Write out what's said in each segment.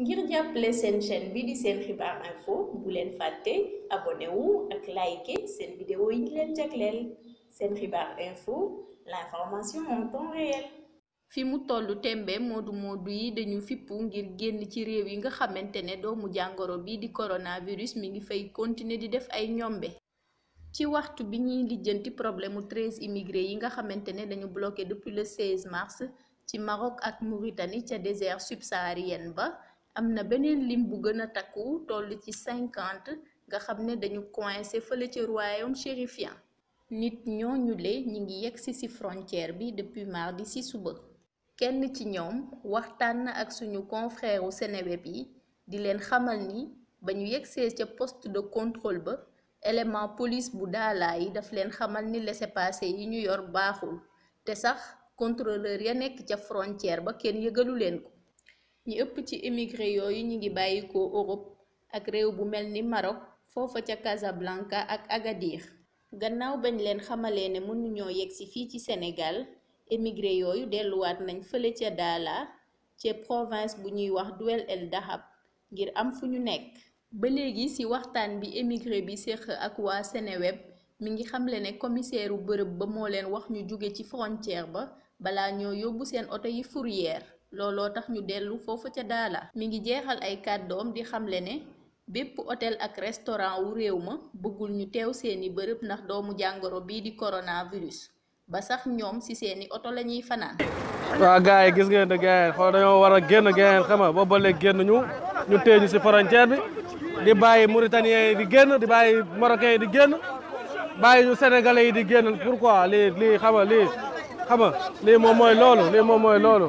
ngir jàppale seen chaîne bi di seen xibaar info bu leen fàtte abonné wu ak like seen vidéo yi ñu leen jagleel seen xibaar info l'information en temps réel. fi mu tollu tembe moodu moodu yi dañu fippu ngir génn ci réew yi nga xamante ne doomu jàngoro bi di coronavirus mi ngi fay continuer di def ay ñombe. ci waxtu bi ñuy lijjanti problème 13 immigré yi nga xamante ne dañu bloqué depuis le 16 mars ci Maroc ak Mauritanie ca désert subsaharien ba. am na beneen lim bu gën a takku toll ci cinquante nga xam ne dañu coincé fële ci royaume chérifien nit ñooñu le ñi ngi yegsi ci frontière bi depuis mardi si suba kenn ci ñoom waxtaan na ak suñu confrère u Seneweb yi di leen xamal ni ba ñu yegsee ca poste de contrôle ba élément police bu daalaa yi daf leen xamal ni laissez-passer yi ñu yor baaxul te sax contrôleur ya nekk ca frontière ba kenn yëgalu leen ko ñi ëpp ci émigré yooyu ñi ngi bàyyikoo Europe ak réew bu mel ni Maroc foofa ca Casablanca ak Agadir gannaaw bañ leen xamalee ne mënuñoo yegsi fii ci Sénégal émigré yooyu delluwaat nañ fële ca Daala ca province bu ñuy wax Duwel el Dahab ngir am fu ñu nekk ba léegi ci waxtaan bi émigré bi séq ak waa Seneweb mi ngi xamle ne commissaire u bërëb ba moo leen wax ñu jóge ci frontière ba balaa ñoo yóbbu seen oto yi fourrière looloo tax ñu dellu foofu ca daala mi ngi jeexal ay kàddoom di xamle ne bépp hôtel ak restaurant wu réew ma bëggul ñu teew seeni bërëb ndax doomu jàngoro bii di coronavirus ba sax ñoom ci seeni oto la ñuy fanaan. waaw gars yi gis ngeen ne gars yi xool dañoo a génn gars yi xam nga génn ñu ñu téye ñu ci frontière bi di bàyyi Mauritaniens yi di génn di bàyyi Marocains yi di génn bàyyi ñu Sénégalais yi di génn pourquoi lii lii xam lii xam lii moom mooy loolu lii moom mooy loolu.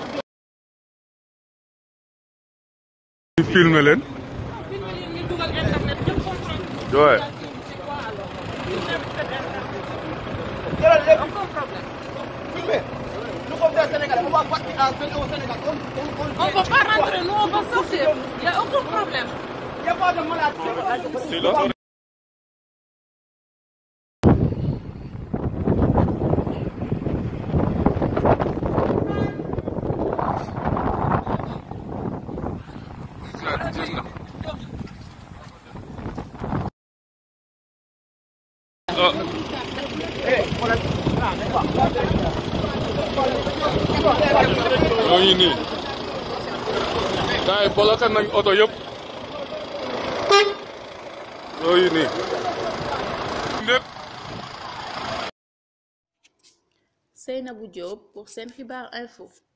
filmer leen. waaw. On ne peut pas rentrer, nous on va sortir. Il n'y a aucun problème. C'est l'autre ñoo ngi nii gars yi bloqué oto yëpp ñoo ngi nii lépp Seynabou Diop pour Sen Xibaar Info